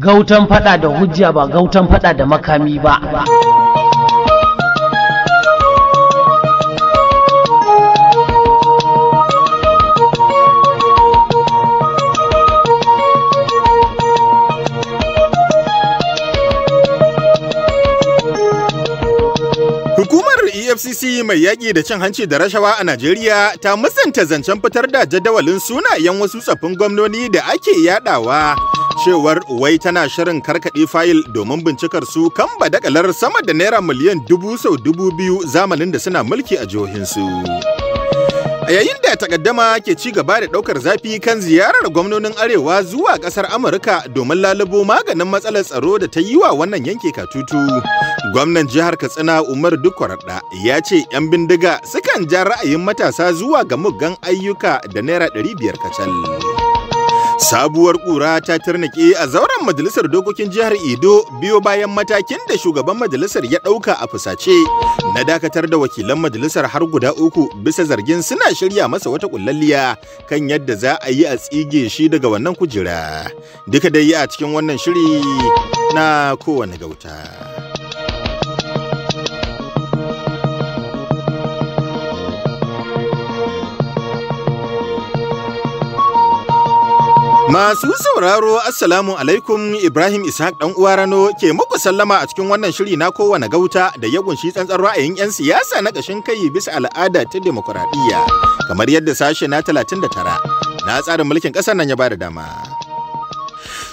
gautan fada da hujja ba gautan fada da makami ba Hukumar EFCC mai yaƙi da cin hanci da rashawa a Najeriya ta musanta zancen fitar da jadawalin sunayen wasu tsaffin gwamnoni da ake yadawa. cewar wai tana shirin karkaɗe fayil domin bincikar su kan badakalar sama da naira miliyan dubu sau dubu biyu zamanin da suna mulki a jihohinsu. A yayin da takaddama ke ci gaba da ɗaukar zafi kan ziyarar gwamnonin Arewa zuwa ƙasar Amurka domin lalubo maganin matsalar tsaro da ta yi wa wannan yanke katutu. Gwamnan jihar Katsina Umar Dukwarɗa ya ce 'yan bindiga sukan ja ra'ayin matasa zuwa ga muggan ayyuka da naira 500. kacal. Sabuwar ƙura ta tarnake a zauren majalisar dokokin jihar Edo biyo bayan matakin da shugaban majalisar ya ɗauka a fusace na dakatar da wakilan majalisar har guda uku bisa zargin suna shirya masa wata ƙullalliya kan yadda za a yi a tsige shi daga wannan kujera. Duka dai a cikin wannan shiri na kowane gauta. Masu sauraro Assalamu alaikum Ibrahim Ishaq dan uwa Rano ke muku sallama a cikin wannan shiri na kowane gauta da ya kunshi tsantsar ra'ayin 'yan siyasa na ƙashin kai bisa al'ada ta demokuraɗiyya kamar yadda sashe na 39 na tsarin mulkin ƙasar nan ya ba da dama.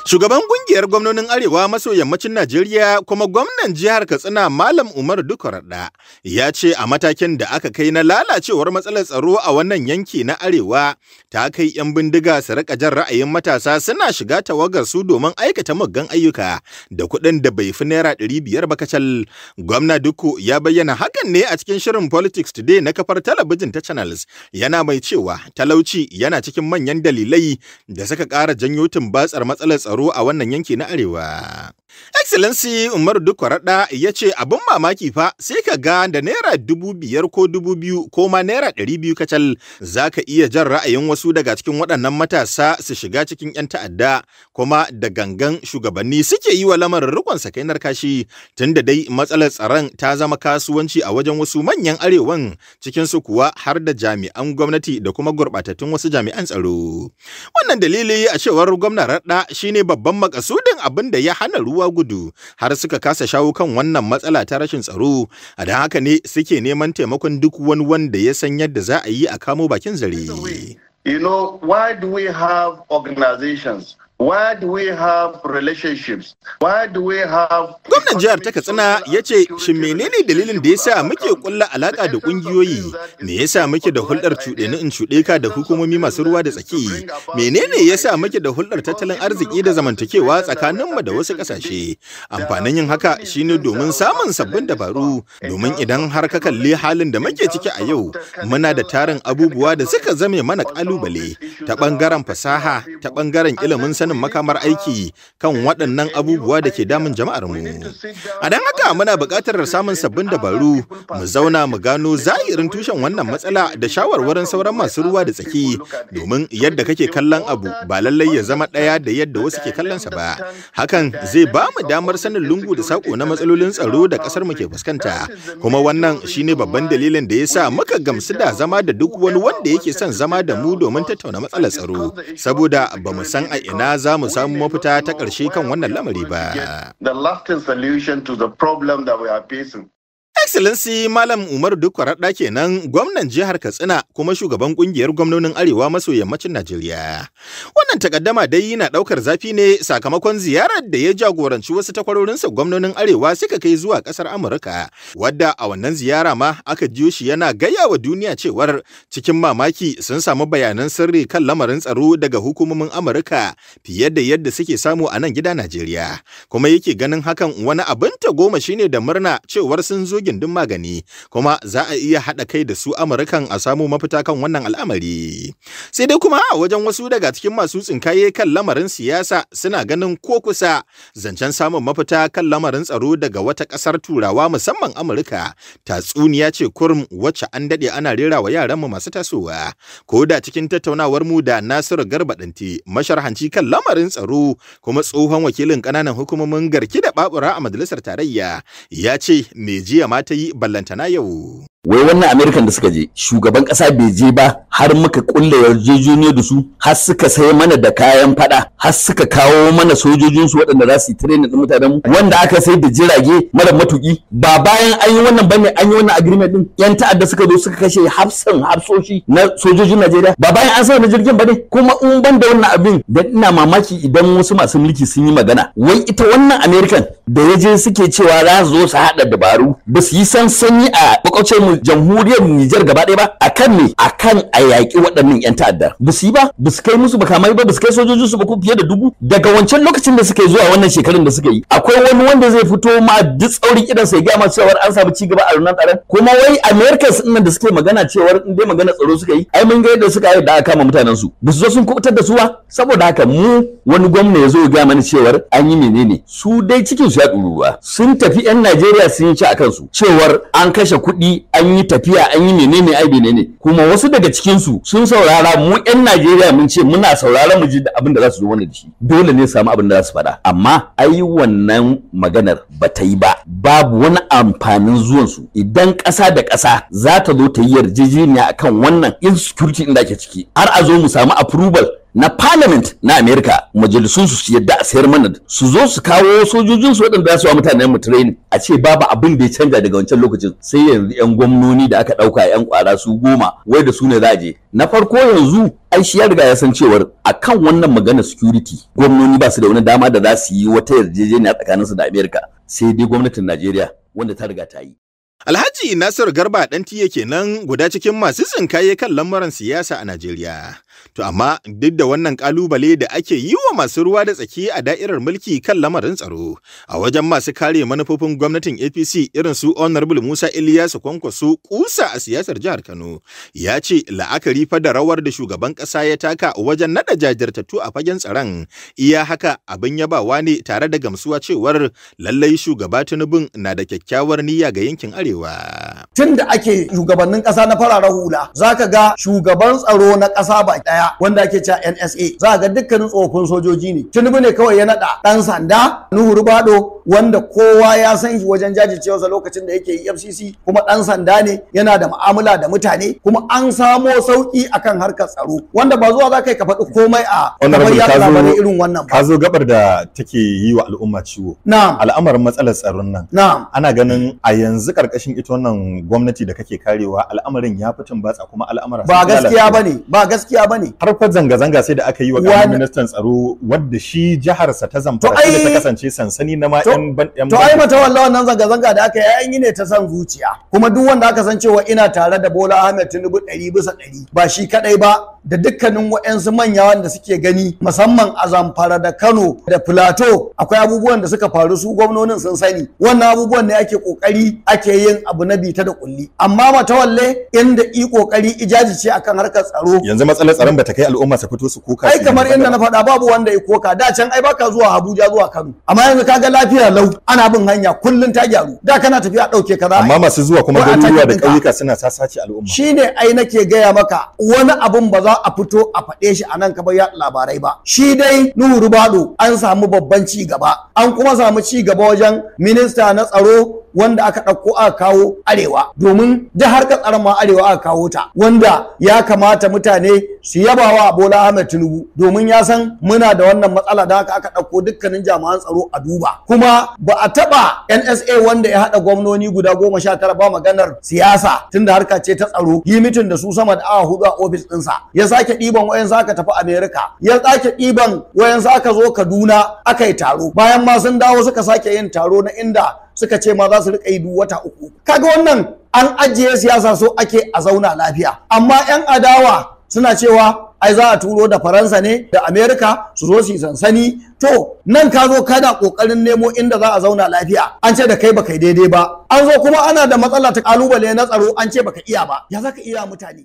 Shugaban kungiyar gwamnonin Arewa maso yammacin Najeriya kuma gwamnan jihar Katsina Malam Umar Dukwaraɗa ya ce a matakin da aka kai na lalacewar matsalar tsaro a wannan yanki na Arewa ta kai 'yan bindiga su rika jan ra'ayin matasa suna shiga tawagar su domin aikata muggan ayyuka da kuɗin da bai fi naira ɗari biyar ba kacal. Gwamna Duku ya bayyana hakan ne a cikin shirin Politics Today na kafar talabijin ta Channels yana mai cewa talauci yana cikin manyan dalilai da suka ƙara janyo tumbatsar matsalar tsaro tsaro a wannan yanki na Arewa. Excellency Umaru Dukwaraɗa ya ce abin mamaki fa sai ka ga da naira dubu biyar ko dubu biyu ko ma naira ɗari biyu kacal za ka iya jan ra'ayin wasu daga cikin waɗannan matasa su shiga cikin 'yan ta'adda kuma da gangan shugabanni suke yi wa lamarin rikon sakainar kashi tunda dai matsalar tsaron ta zama kasuwanci a wajen wasu manyan arewan cikin su kuwa har da jami'an gwamnati da kuma gurɓatattun wasu jami'an tsaro. Wannan dalili a cewar gwamna Raɗa shine babban makasudin abin da ya hana ruwa gudu har suka kasa shawo kan wannan matsala ta rashin tsaro a don haka ne suke neman taimakon duk wani wanda ya san yadda za a yi a kamo bakin zare. You know, why do we have organizations Why do we have relationships? Why do we have Gwamnan jihar ta Katsina ya ce shin menene dalilin da ya sa muke kulla alaƙa da ƙungiyoyi? Me ya sa muke da hulɗar cuɗeni in cuɗe ka da hukumomi masu ruwa da tsaki? Menene ya sa muke da hulɗar tattalin arziki da zamantakewa tsakaninmu da wasu ƙasashe? Amfanin yin haka shine domin samun sabbin dabaru domin idan har ka kalli halin da muke ciki a yau muna da tarin abubuwa da suka zame mana ƙalubale. ta ɓangaren fasaha ta ɓangaren ilimin sanin makamar aiki kan waɗannan abubuwa da ke damun jama'ar mu. A don haka muna buƙatar samun sabbin dabaru mu zauna mu gano zahirin tushen wannan matsala da shawarwarin sauran masu ruwa da tsaki domin yadda kake kallon abu ba lallai ya zama ɗaya da yadda wasu ke kallon sa ba. Hakan zai ba mu damar sanin lungu da sako na matsalolin tsaro da ƙasar mu ke fuskanta. Kuma wannan shine babban dalilin da ya sa muka gamsu da zama da duk wani wanda yake son zama da mu domin tattauna matsalar tsaro saboda ba mu san a ina za mu samu mafita ta ƙarshe kan wannan lamari ba. Excellency Malam Umar Dukwaraɗa kenan gwamnan jihar Katsina kuma shugaban kungiyar gwamnonin Arewa maso yammacin Najeriya. Wannan takaddama dai yana ɗaukar zafi ne sakamakon ziyarar da ya jagoranci wasu takwarorinsa gwamnonin Arewa suka kai zuwa ƙasar Amurka, wadda a wannan ziyara ma aka jiyo shi yana gaya wa duniya cewar cikin mamaki sun samu bayanan sirri kan lamarin tsaro daga hukumomin Amurka fiye da yadda suke samu a nan gida Najeriya. Kuma yake ganin hakan wani abin tagoma shine da murna cewar sun zo gindin magani kuma za a iya haɗa kai da su amurkan a samu mafita kan wannan al'amari sai dai kuma wajen wasu daga cikin masu tsinkaye kan lamarin siyasa suna ganin ko kusa zancen samun mafita kan lamarin tsaro daga wata ƙasar turawa musamman amurka tatsuniya ce kurum wacce an daɗe ana rera wa yaranmu masu tasowa ko da cikin tattaunawar mu da nasiru garba ɗanti masharhanci kan lamarin tsaro kuma tsohon wakilin ƙananan hukumomin garki da babura a majalisar tarayya ya ce me jiya ma ta yi ballantana yau. wai wannan american da suka je shugaban kasa bai je ba har muka kulle yarjejeniya da su har suka sai mana da kayan fada har suka kawo mana sojojinsu waɗanda za su yi training din mutanen mu wanda aka sai da jirage mara matuki ba bayan an yi wannan bane an yi wannan agreement din yan ta'adda suka zo suka kashe hafsan hafsoshi na sojojin Najeriya ba bayan an sai da jirgin bane kuma in ban da wannan abin da ina mamaki idan wasu masu mulki sun yi magana wai ita wannan amerikan da ya je suke cewa za su zo su haɗa dabaru ba su yi sansanyi a makwabcin mu jamhuriyar Nijar gaba ɗaya ba akan ne kan a yaƙi waɗannan 'yan ta'adda ba su yi ba ba su kai musu makamai ba ba su kai sojojin su ba ko fiye da dubu daga wancan lokacin da suka yi zuwa wannan shekarun da suka yi akwai wani wanda zai fito ma duk tsaurin kidan sai gama ma cewa an samu ci gaba a runan tsaron kuma wai America sun nan da suke magana cewa in dai magana tsaro suka yi ai mun ga yadda suka yi da aka kama mutanen su ba su zo sun kubutar da su ba saboda haka mu wani gwamna ya zo ya gama mana cewar an yi menene su dai cikin su ya duruwa sun tafi 'yan Najeriya sun yi ci a kansu cewar an kashe kuɗi an yi tafiya an yi menene ai menene kuma wasu daga cikin su sun saurara mu yan Najeriya mun ce muna saurara mu ji abin da za su zo wani da dole ne samu abin da za su faɗa amma ai wannan maganar ba ta yi ba babu wani amfanin zuwan su idan ƙasa da ƙasa za ta zo ta yi yarjejeniya akan wannan insecurity din da ake ciki har a zo mu samu approval na parliament na america majalisun su yadda a sayar mana su zo su kawo sojojin su waɗanda su wa mutanen mu training a ce babu abin da ya canja daga wancan lokacin sai yanzu yan gwamnoni da aka ɗauka yan kwara su goma wai da su ne za a je na farko yanzu ai shi ya riga ya san cewar kan wannan magana security gwamnoni ba su da wani dama da za su yi wata yarjejeniya su da america sai dai gwamnatin najeriya wanda ta riga ta yi Alhaji Nasiru Garba ɗan tiye kenan guda cikin masu tsinkaye kan lamuran siyasa a Najeriya. To amma duk da wannan kalubale da ake yi wa masu ruwa da tsaki a da'irar mulki kan lamarin tsaro, a wajen masu kare manufofin gwamnatin APC irin su Honorable Musa Iliyasu Kwankwaso kusa a siyasar jihar Kano, ya ce la'akari fa da rawar da shugaban ƙasa ya taka wajen naɗa jajirtattu a fagen tsaron, iya haka abin ya yabawa ne tare da gamsuwa cewar lallai shugaba Tinubu na da kyakkyawar niyya ga yankin Arewa. Tun da ake shugabannin ƙasa na fararen hula, ka ga shugaban tsaro na ƙasa ba ɗaya wanda ake cewa NSA za ga dukkanin tsofin sojoji ne tunubu ne kawai ya nada dan sanda Nuhu Rubado wanda kowa ya san shi wajen jajircewarsa lokacin da yake FCC. kuma dan sanda ne yana da mu'amala da mutane kuma an samo sauki akan harkar tsaro wanda ba zuwa za kai ka faɗi komai a kamar ya labarai irin wannan ba Kazo zo gabar da take yi wa al'umma ciwo na'am al'amarin matsalar tsaron nan na'am ana ganin a yanzu karkashin ita wannan gwamnati da kake karewa al'amarin ya fitin batsa kuma al'amarin ba gaskiya bane ba gaskiya bane harkar zanga-zanga sai da aka yi wa ƙaramin ministan tsaro wadda shi jiharsa ta zamfara shi da ta kasance sansani na ma ƴan ban to ai mata wallahi wannan zanga-zanga da aka yi an yi ne ta san zuciya kuma duk wanda aka san cewa ina tare da Bola Ahmed Tinubu 100 bisa 100 ba shi kadai ba da dukkanin wa'ansu manya wanda suke gani musamman a zamfara da kano da filato akwai abubuwan da suka faru su gwamnonin sun sani wannan abubuwan ne ake kokari ake yin abu na bita da kulli amma matawalle inda i kokari ce akan harkar tsaro yanzu matsalar tsaron bata kai al'umma su fito su koka ai kamar inda na faɗa babu wanda ya koka da can ai baka zuwa Abuja zuwa Kano amma yanzu kaga lafiya lau ana bin hanya kullun ta gyaru da kana tafiya dauke kaza amma masu zuwa kuma garuruwa da ƙauyuka suna sasace al'umma shine ai nake gaya maka wani abun ba za a fito a faɗe shi a nan kamar ya labarai ba shi dai Nuhu Rubado an samu babban ci gaba an kuma samu ci gaba wajen minista na tsaro wanda aka ɗauko aka kawo arewa domin da harkar ma arewa aka kawo ta wanda ya kamata mutane su yabawa Bola Ahmed Tinubu domin ya san muna da wannan matsala da haka aka ɗauko dukkanin jami'an tsaro a duba kuma ba a taɓa NSA wanda ya haɗa gwamnoni guda goma sha tara ba maganar siyasa tunda harka ce ta tsaro yi mitin da su sama da awa hudu a ofis ɗinsa ya sake ɗiban wayan aka tafi Amerika ya sake ɗiban wayan aka zo Kaduna aka yi taro bayan ma sun dawo suka sake yin taro na inda suka ce ma za su rika yi duk wata uku kaga wannan an ajiye siyasa so ake a zauna lafiya amma yan adawa suna cewa ai za a turo da faransa ne da amerika su zo su sansani to nan ka zo kana kokarin nemo inda za a zauna lafiya an ce da kai baka daidai ba an zo kuma ana da matsala ta ƙalubale na tsaro an ce baka iya ba ya zaka iya mutane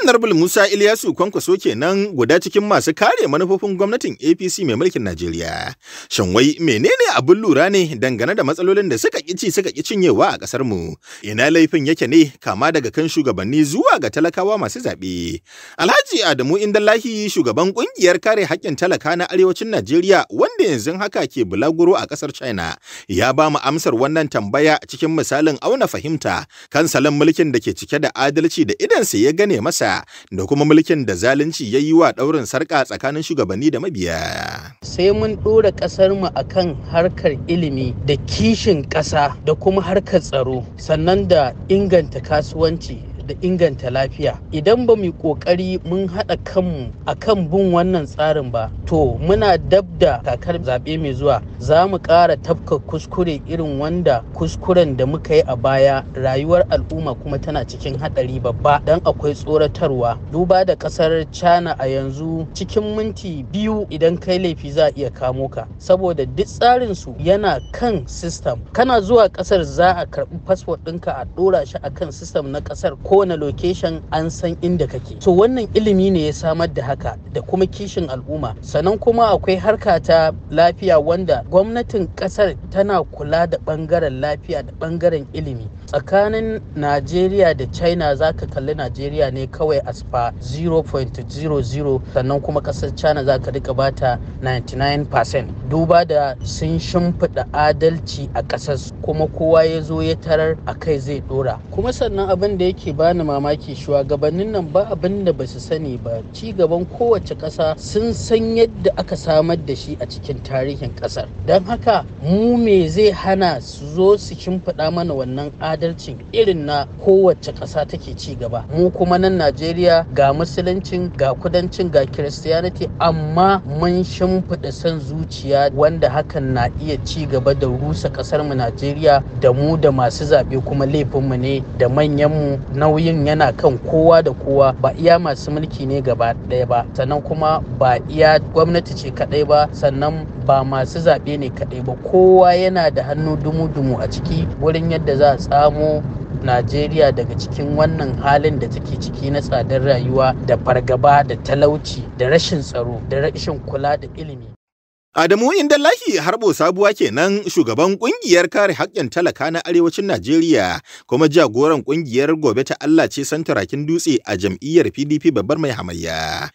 Honorable Musa Ilyasu Kwankwaso kenan guda cikin masu kare manufofin gwamnatin APC mai mulkin Najeriya. Shanwai menene abin lura ne dangane da matsalolin da suka ƙici suka ƙi cinyewa a ƙasar mu? Ina laifin yake ne kama daga kan shugabanni zuwa ga talakawa masu zaɓe. Alhaji Adamu lahi shugaban ƙungiyar kare haƙƙin talaka na arewacin Najeriya wanda yanzu haka ke bulaguro a ƙasar China ya ba mu amsar wannan tambaya cikin misalin auna fahimta kan salon mulkin da ke cike da adalci da idan sai ya gane masa siyasa da kuma mulkin da zalunci ya yi wa ɗaurin sarƙa tsakanin shugabanni da mabiya. Sai mun ɗora ƙasarmu a kan harkar ilimi da kishin ƙasa da kuma harkar tsaro sannan da inganta kasuwanci da inganta lafiya idan ba mu kokari mun haɗa kanmu a kan bin wannan tsarin ba to muna dab da kakar zaɓe mai zuwa za mu ƙara tafka kuskure irin wanda kuskuren da muka yi a baya rayuwar al'umma kuma tana cikin haɗari babba don akwai tsoratarwa duba da ƙasar cana a yanzu cikin minti biyu idan kai laifi za a iya kamo ka saboda duk tsarin su yana kan system kana zuwa ƙasar za a karɓi fasfo ɗinka a ɗora shi kan system na ƙasar ko kowane location an san inda kake so wannan ilimi ne ya samar da haka da kuma kishin al'umma sannan kuma akwai harka ta lafiya wanda gwamnatin kasar tana kula da bangaren lafiya da bangaren ilimi tsakanin najeriya da china za ka kalli najeriya ne kawai a spa 0.00 sannan kuma kasar china za ka rika bata 99% duba da sun shimfiɗa adalci a ƙasar kuma kowa ya zo ya tarar a kai zai ɗora kuma sannan abin da yake bani mamaki shugabannin nan ba abin da ba su sani ba ci gaban kowace ƙasa sun san yadda aka samar da shi a cikin tarihin ƙasar don haka mu me zai hana su zo su shimfiɗa mana wannan adalci adalcin irin na kowace ƙasa take ci gaba mu kuma nan najeriya ga musuluncin ga kudancin ga kiristiyaniti amma mun shimfiɗa son zuciya wanda hakan na iya ci gaba da rusa ƙasar mu najeriya da mu da masu zaɓe kuma laifinmu ne da manyanmu nauyin yana kan kowa da kowa ba iya masu mulki ne gaba ɗaya ba sannan kuma ba iya gwamnati ce kaɗai ba sannan ba masu zaɓe ne kaɗai ba kowa yana da hannu dumu-dumu a ciki wurin yadda za a samo najeriya daga cikin wannan halin da take ciki na tsadar rayuwa da fargaba da talauci da rashin tsaro da rashin kula da ilimi Adamu Indalahi Harbo Sabuwa kenan shugaban kungiyar kare haƙƙin talaka na arewacin Najeriya kuma jagoran kungiyar gobe ta Allah ce santarakin dutse a jam'iyyar PDP babbar mai hamayya.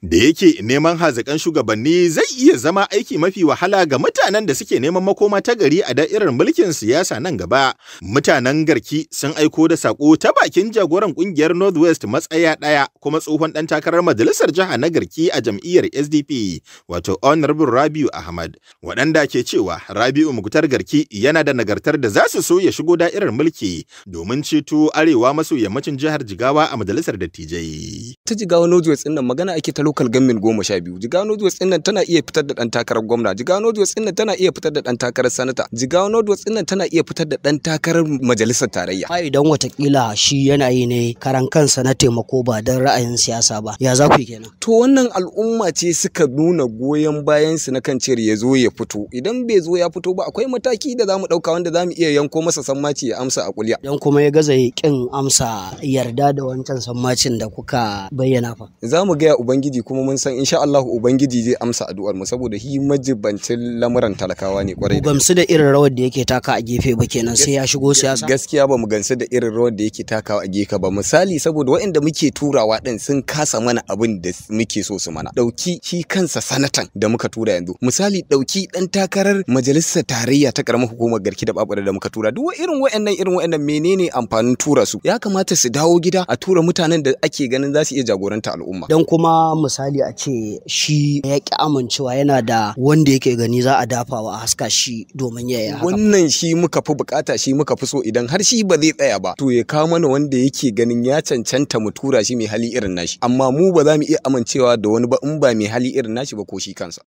Da yake neman hazakan shugabanni zai iya zama aiki mafi wahala ga mutanen da suke neman makoma ta gari a da'irar mulkin siyasa nan gaba. Mutanen garki sun aiko da sako ta bakin jagoran kungiyar Northwest matsaya ɗaya kuma tsohon ɗan takarar majalisar jiha na garki a jam'iyyar SDP wato Honorable Rabiu Rabi'u Ahmad waɗanda ke cewa Rabi'u Muktar Garki yana da nagartar da za su so ya shigo da'irar mulki domin ceto arewa maso yammacin jihar Jigawa a majalisar dattijai. Ta Jigawa Northwest ɗin nan magana ake ta lokal government goma sha biyu. Jigawa Northwest ɗin nan tana iya fitar da ɗan takarar gwamna. Jigawa Northwest ɗin nan tana iya fitar da ɗan takarar sanata. Jigawa Northwest ɗin nan tana iya fitar da ɗan takarar majalisar tarayya. Ai idan watakila shi yana yi ne karan kansa na taimako ba don ra'ayin siyasa ba. Ya za ku kenan? To wannan al'umma ce suka nuna goyon bayan su na kan cire ya zo ya fito idan bai zo ya fito ba akwai mataki da zamu dauka wanda zamu iya yanko masa sammaci ya amsa a kulya dan kuma ya gaza ya kin amsa yarda da wancan sammacin da kuka bayyana fa zamu ga ubangiji kuma mun san insha Allah ubangiji zai amsa addu'ar mu saboda hi majibancin lamuran talakawa ne kwarai da gamsu da irin rawar da yake taka a gefe ba kenan sai ya shigo siyasa gaskiya ba mu gamsu da irin rawar da yake taka a gefe ba misali saboda waɗanda muke turawa din sun kasa mana abin da muke so su mana dauki shi kansa sanatan da muka tura yanzu misali ɗauki ɗan takarar majalisar tarayya ta karamar hukumar garki da babura da muka tura duk irin wa'annan irin wa'annan menene amfanin tura su ya kamata su dawo gida a tura mutanen da ake ganin za su iya jagoranta al'umma dan kuma misali a ce shi ya ki amincewa yana da wanda yake gani za a dafawa a haska shi domin ya yi haka wannan shi muka fi bukata shi muka fi so idan har shi ba zai tsaya ba to ya kawo mana wanda yake ganin ya cancanta mu tura shi mai hali irin nashi amma mu ba za mu iya amincewa da wani ba in ba mai hali irin nashi ba ko shi kansa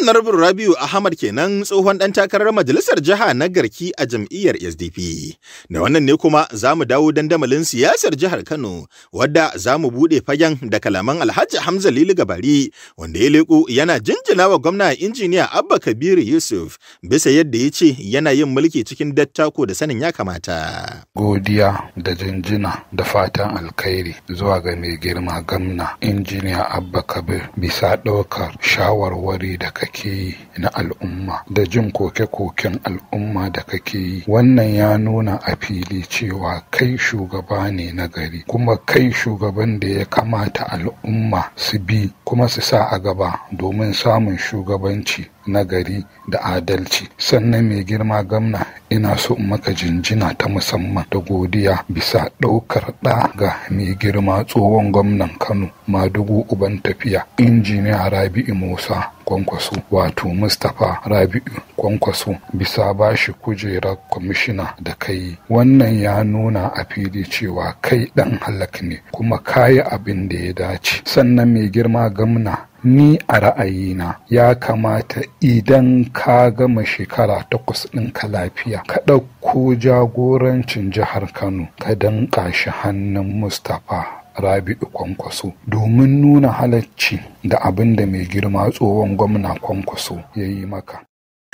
Honorable Rabiu Ahmad kenan tsohon ɗan takarar majalisar jiha na garki a jam'iyyar SDP. Da wannan ne kuma za mu dawo dandamalin siyasar jihar Kano wadda za mu buɗe fagen da kalaman Alhaji Hamza Lili Gabari wanda ya leƙo yana jinjina wa gwamna injiniya Abba Kabiru Yusuf bisa yadda ya ce yana yin mulki cikin dattako da sanin ya kamata. Godiya da jinjina da fatan alkhairi zuwa ga mai girma gamna injiniya Abba Kabir bisa ɗaukar shawarwari da kake yi na al'umma da jin koke-koken al'umma da kake yi wannan ya nuna a fili cewa kai shugaba ne na gari kuma kai shugaban da ya kamata al'umma su bi kuma su sa a gaba domin samun shugabanci na gari da adalci sannan mai girma gamna ina so in maka jinjina ta musamman da godiya bisa ɗaukar ɗa ga mai girma tsohon gwamnan kano madugu uban tafiya injiniya rabi'u musa kwankwaso wato mustapha rabi'u kwankwaso bisa bashi kujerar kwamishina da kai wannan ya nuna a fili cewa kai ɗan halak ne kuma kayi abin da ya dace sannan mai girma gamna ni a ra'ayina ya kamata idan ka gama shekara takwas ka lafiya ka ɗauko jagorancin jihar kano ka danƙa shi hannun mustapha rabi'u kwankwaso domin nuna halacci da abin da mai girma tsohon gwamna kwankwaso ya yi maka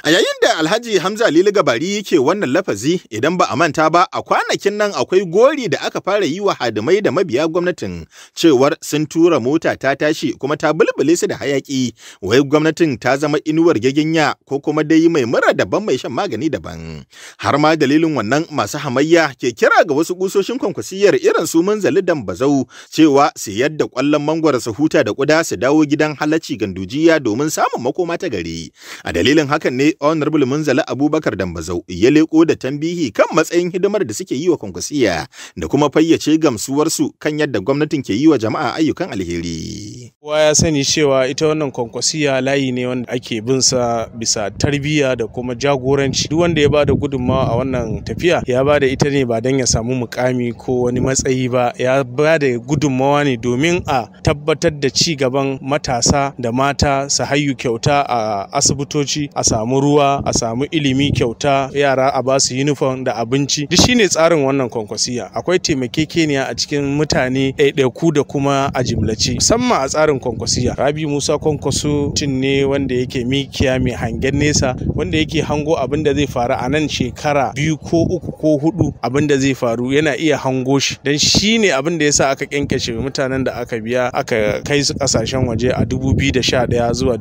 A yayin da Alhaji Hamza Lili Gabari yake wannan lafazi idan ba a manta ba a kwanakin nan akwai gori da aka fara yi wa hadimai da mabiya gwamnatin cewar sun tura mota ta tashi kuma ta bulbule su da hayaki wai gwamnatin ta zama inuwar gaginya ko kuma dai mai mura daban mai shan magani daban. Har ma dalilin wannan masu hamayya ke kira ga wasu kusoshin kwankwasiyar irin su munzali dan bazau cewa su yadda kwallon mangwara su huta da kuda su dawo gidan halacci gandujiya domin samun makoma ta gari. A dalilin hakan ne Honorable Munzala Abubakar Dambazau ya leko da tambihi kan matsayin hidimar da suke yi wa kwankwasiya da kuma fayyace gamsuwarsu kan yadda gwamnatin ke yi wa jama'a ayyukan alheri. Kowa ya sani cewa ita wannan kwankwasiya layi ne wanda ake bin sa bisa tarbiyya da kuma jagoranci. Duk wanda ya ba da gudunmawa a wannan tafiya ya ba da ita ne ba don ya samu mukami ko wani matsayi ba ya ba da gudummawa ne domin a tabbatar da ci gaban matasa da mata su hayu kyauta a asibitoci a samu ruwa a samu ilimi kyauta yara a basu uniform da abinci duk shine tsarin wannan kwankwasiya akwai taimakekeniya a cikin mutane ɗaiɗaiku da kuma a jimlace musamman a tsarin kwankwasiya rabi musa kwankwaso tun ne wanda yake mikiya mai hangen nesa wanda yake hango abin da zai faru a nan shekara biyu ko uku ko hudu abin da zai faru yana iya hango shi dan shi ne abin da yasa aka kyankyashe mutanen da aka biya aka kai su kasashen waje a 2011 zuwa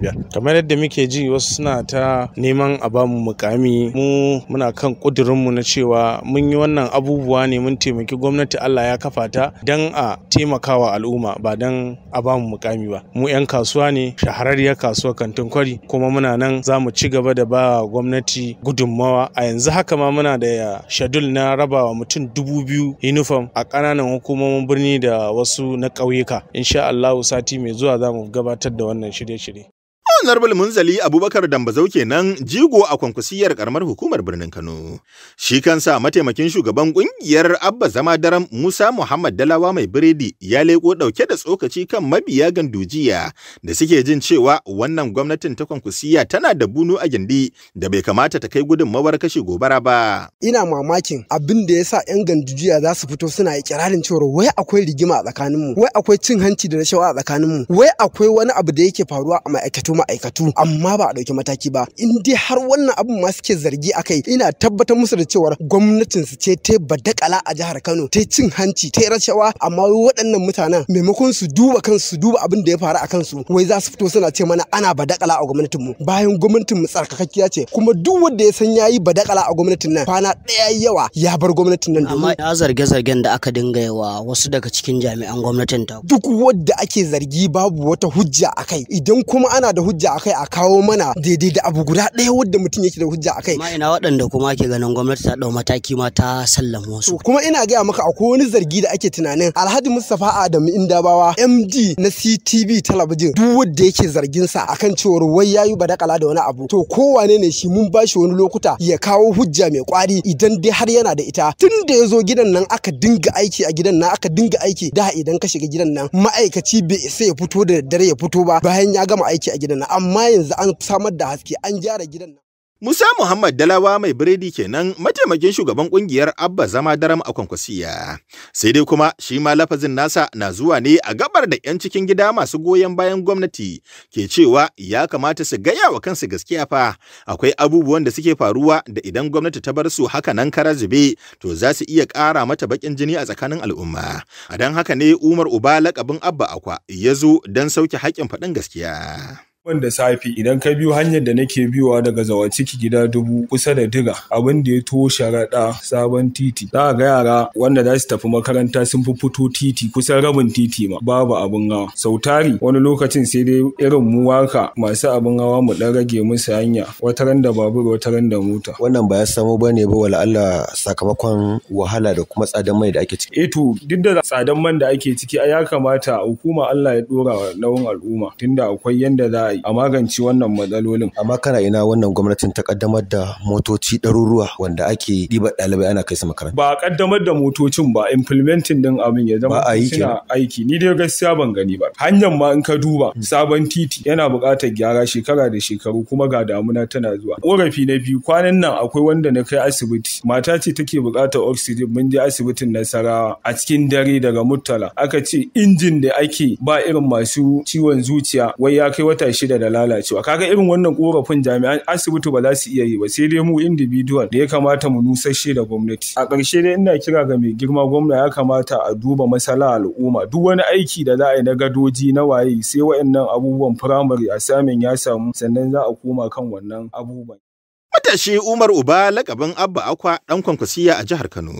biyar. kamar yadda muke ji wasu suna ta neman a bamu mukami mu muna kan kudurinmu na cewa mun yi wannan abubuwa ne mun taimaki gwamnati Allah ya kafa ta don a taimakawa al'umma ba don a bamu mukami ba mu 'yan kasuwa ne shahararriyar kasuwa kantin kwari kuma muna nan za mu ci gaba da ba gwamnati gudunmawa a yanzu haka ma muna da shadul na raba wa mutum dubu biyu uniform a kananan hukumomin birni da wasu na ƙauyuka insha Allah sati mai zuwa za mu gabatar da wannan shirye-shirye Honorable Munzali Abubakar Dambazau kenan jigo a kwankwasiyar karamar hukumar birnin Kano. Shi kansa mataimakin shugaban kungiyar Abba Zama Daram Musa Muhammad Dalawa mai biredi ya leko dauke da tsokaci kan mabiya gandujiya da suke jin cewa wannan gwamnatin ta kwankwasiya tana da bunu a gindi da bai kamata ta kai gudun mawar kashe gobara ba. Ina mamakin abin da ya sa 'yan gandujiya za su fito suna ikirarin cewa wai akwai rigima a tsakaninmu, wai akwai cin hanci da rashawa a tsakaninmu, wai akwai wani abu da yake faruwa a ma'aikatu ma'aikatu amma ba a ɗauki mataki ba in dai har wannan abin ma suke zargi a kai ina tabbatar musu da cewar gwamnatin su ce ta badakala a jihar Kano ta cin hanci ta rashawa amma waɗannan mutanen maimakon su duba kansu su duba abin da ya faru a kansu wai za su fito suna ce mana ana badakala a gwamnatin mu bayan gwamnatin mu tsarkakakkiya ce kuma duk wanda ya san yayi badakala a gwamnatin nan kwana ɗaya yawa ya bar gwamnatin nan amma ya zarge-zargen da aka dinga yawa wasu daga cikin jami'an gwamnatin ta duk wanda ake zargi babu wata hujja akai idan kuma ana da hujja hujja akai a kawo mana daidai da abu guda ɗaya wadda mutum yake da hujja akai ma ina waɗanda kuma ke ganin gwamnati ta ɗau mataki ma ta sallama wasu kuma ina gaya maka akwai wani zargi da ake tunanin Alhaji Mustapha Adamu Indabawa MD na CTV talabijin duk wanda yake zargin sa akan cewar wai yayi badakala da wani abu to kowane ne shi mun ba shi wani lokuta ya kawo hujja mai kwari idan dai har yana da ita tun da ya zo gidan nan aka dinga aiki a gidan nan aka dinga aiki da idan ka shiga gidan nan ma'aikaci bai sai ya fito da daddare ya fito ba bayan ya gama aiki a gidan amma yanzu an samar da haske an gyara gidan nan. Musa Muhammad Dalawa mai biredi kenan mataimakin shugaban kungiyar Abba Zama Daram a Kwankwasiya. Sai dai kuma shi ma lafazin nasa na zuwa ne a gabar da 'yan cikin gida masu goyon bayan gwamnati ke cewa ya kamata su gaya wa kansu gaskiya fa akwai abubuwan da suke faruwa da idan gwamnati ta bar su haka nan kara zube to za su iya ƙara mata baƙin jini a tsakanin al'umma. A don haka ne Umar Uba lakabin Abba Akwa ya zo don sauke haƙƙin faɗin gaskiya. Ban da safe idan ka biyo hanyar da nake biyowa daga zawa ciki gida dubu kusa da diga abin da ya toshe raɗa sabon titi. Za a ga yara wanda za su tafi makaranta sun fi fito titi kusan rabin titi ma babu abin hawa. tari. wani lokacin sai dai irin mu waka masu abin hawa mu dan rage musu hanya wata ran da babur wata ran da mota. Wannan ba ya samo ba ne ba wala Allah sakamakon wahala da kuma tsadan mai da ake ciki. Eh to duk da tsadan man da ake ciki ya kamata hukuma Allah ya dora nauyin al'umma tunda akwai yanda za a yi a magance wannan matsalolin. Amma kana ina wannan gwamnatin ta kaddamar da motoci ɗaruruwa wanda ake ɗibar ɗalibai ana kai su makaranta. Ba a kaddamar da motocin ba implementing din abin ya zama suna aiki ni dai gaskiya ban gani ba. Hanyar ma in ka duba hmm. sabon titi yana buƙatar gyara shekara da shekaru kuma ga damuna tana zuwa. Ƙorafi na biyu kwanan nan akwai wanda na kai asibiti mata ce take buƙatar oxygen mun je asibitin Nasarawa a cikin dare daga Murtala aka ce injin da ake ba irin masu ciwon zuciya wai ya kai wata shida shida da lalacewa kaga irin wannan korafin jami'an asibiti ba za su iya yi ba sai dai mu individual da ya kamata mu nusashe da gwamnati a ƙarshe dai ina kira ga mai girma gwamna ya kamata a duba masala al'umma duk wani aiki da za a yi na gadoji na waye sai waɗannan abubuwan firamare a samin ya samu sannan za a koma kan wannan abubuwan Matashi Umar Uba lakabin Abba Akwa ɗan kwankwasiya a jihar Kano.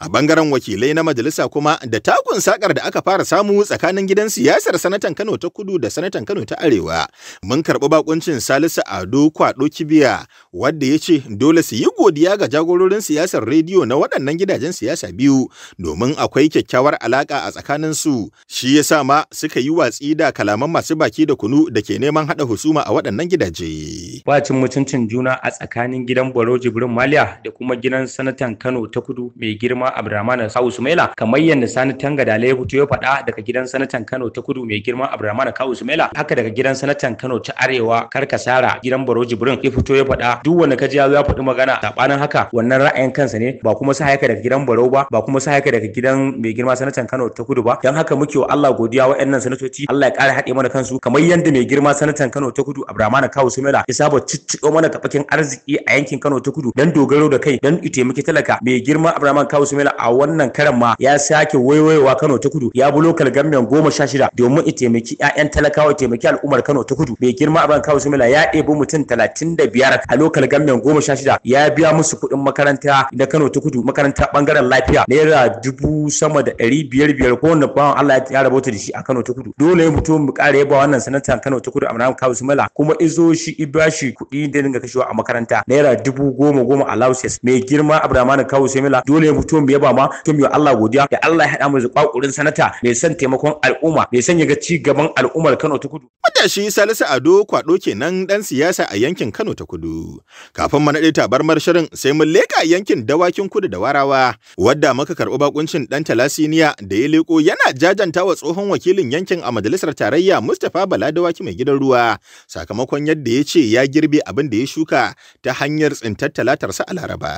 A bangaren wakilai na majalisa kuma da takun sakar da aka fara samu tsakanin gidan siyasar sanatan Kano ta kudu da sanatan Kano ta arewa. Mun karɓi bakuncin Salisu Ado Kwaɗo Kibiya wadda ya ce dole su yi godiya ga jagororin siyasar rediyo na waɗannan gidajen siyasa biyu domin akwai kyakkyawar alaƙa a tsakanin su. Shi ya sa ma suka yi watsi da kalaman masu baki da kunu da ke neman haɗa husuma a waɗannan gidaje. Ba cin mutuncin juna a tsakanin gidan Baro Jibrin Maliya da kuma gidan sanatan Kano ta Kudu mai girma Abdurrahman Kawu Sumaila kamar yadda Sani Gadale ya fito ya faɗa daga gidan sanatan Kano ta Kudu mai girma Abdurrahman Kawu Sumaila haka daga gidan sanatan Kano ta Arewa Karkasara gidan Baro Jibrin ya fito ya faɗa duk wanda kaji ya faɗi magana sabanin haka wannan ra'ayin kansa ne ba kuma sa haka daga gidan Baro ba ba kuma sa haka daga gidan mai girma sanatan Kano ta Kudu ba dan haka muke wa Allah godiya waɗannan sanatoci Allah ya ƙara haɗe mana kansu kamar yadda mai girma sanatan Kano ta Kudu Abdurrahman Kawu Sumaila ya saba cicciɓo mana tafakin arziki arziki a yankin Kano ta Kudu dan dogaro da kai dan taimaki talaka mai girma Abraman Kawu a wannan karan ma ya sake waiwayowa Kano ta Kudu ya bi lokal gambiyan goma sha shida domin ya taimaki 'ya'yan talakawa taimaki al'ummar Kano ta Kudu mai girma Abraman Kawu ya ɗebi mutum talatin da biyar a lokal gamben goma sha shida ya biya musu kuɗin makaranta na Kano ta Kudu makaranta bangaren lafiya naira dubu sama da ɗari biyar biyar ko wanda bawan Allah ya rabota da shi a Kano ta Kudu dole ya fito mu ƙara yaba wannan sanatan Kano ta Kudu Abraman Kawu kuma izo shi ibashi kuɗi da dinga kashewa a makaranta makaranta naira dubu goma goma allowances mai girma abdulrahman kawu semila dole ya fito mu yaba ma tun mu Allah godiya da Allah ya haɗa mu ƙurin sanata mai son taimakon al'umma mai son ya ga ci gaban al'ummar Kano ta Kudu. Matashi Salisu Ado kwaɗo kenan ɗan siyasa a yankin Kano ta Kudu. Kafin mu naɗe tabarmar shirin sai mun leƙa yankin dawakin kudu da warawa wadda muka karɓi bakuncin ɗan talasiniya da ya leƙo yana jajanta wa tsohon wakilin yankin a majalisar tarayya Mustapha Bala dawaki mai gidan ruwa sakamakon yadda ya ce ya girbe abin da ya shuka ta hanyar tsintar talatarsa a laraba.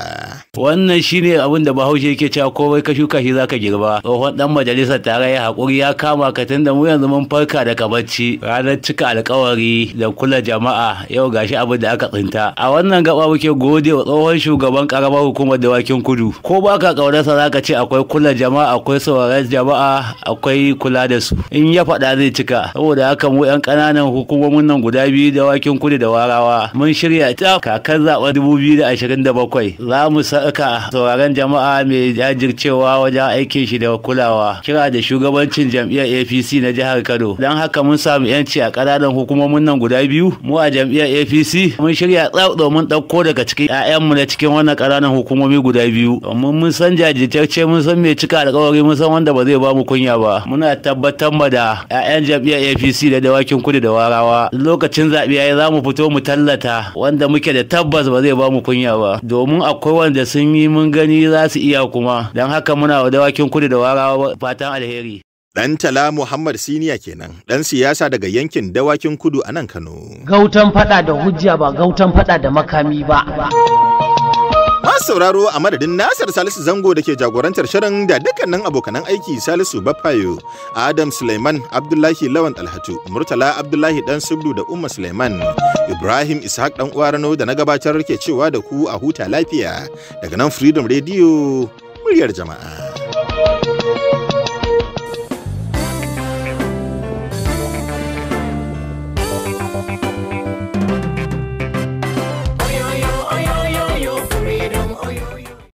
Wannan shine abin da Bahaushe yake cewa komai ka shuka shi zaka girba. Tsohon dan majalisar ya hakuri ya kama ka da mu yanzu mun farka daga bacci ranar cika alkawari da kula jama'a yau ga shi abin da aka tsinta. A wannan gaba muke gode wa tsohon shugaban karamar hukumar dawakin kudu. Ko ba baka za zaka ce akwai kula jama'a akwai sauraron jama'a akwai kula da su. In ya faɗa zai cika saboda haka mu 'yan ƙananan hukumomin nan guda biyu dawakin kudu da warawa mun shirya ta ashirin zaben 2027 za mu saka sauraron jama'a mai jajircewa wajen aikin shi da kulawa kira da shugabancin jam'iyyar apc na jihar kano don haka mun samu yanci a ƙananan hukumomin nan guda biyu mu a jam'iyyar apc mun shirya tsaf domin ɗauko daga cikin 'ya'yanmu na cikin wannan ƙananan hukumomi guda biyu domin mun san jajirtacce mun san mai cika alƙawari mun san wanda ba zai ba mu kunya ba muna tabbatar ma da 'ya'yan jam'iyyar apc da dawakin kudu da warawa lokacin zaɓe ya za mu fito mu tallata wanda muke da tabbas ba zai ba mu kunya ba domin akwai wanda sun yi mun gani za su iya kuma don haka muna wa dawakin kudu da warawa fatan alheri Dan Tala Muhammad Siniya kenan, ɗan siyasa daga yankin dawakin kudu a nan Kano. Gautan fada da hujja ba gautan fada da makami ba. Masu sauraro a madadin Nasir Salisu Zango da ke jagorantar shirin da dukkanin abokanan aiki Salisu Bafayo, Adam Suleiman Abdullahi Lawan Alhatu, Murtala Abdullahi Dan Subdu da Umma Suleiman, Ibrahim Ishaq Dan Uwarano da na gabatar ke cewa da ku a huta lafiya daga nan Freedom Radio muryar jama'a.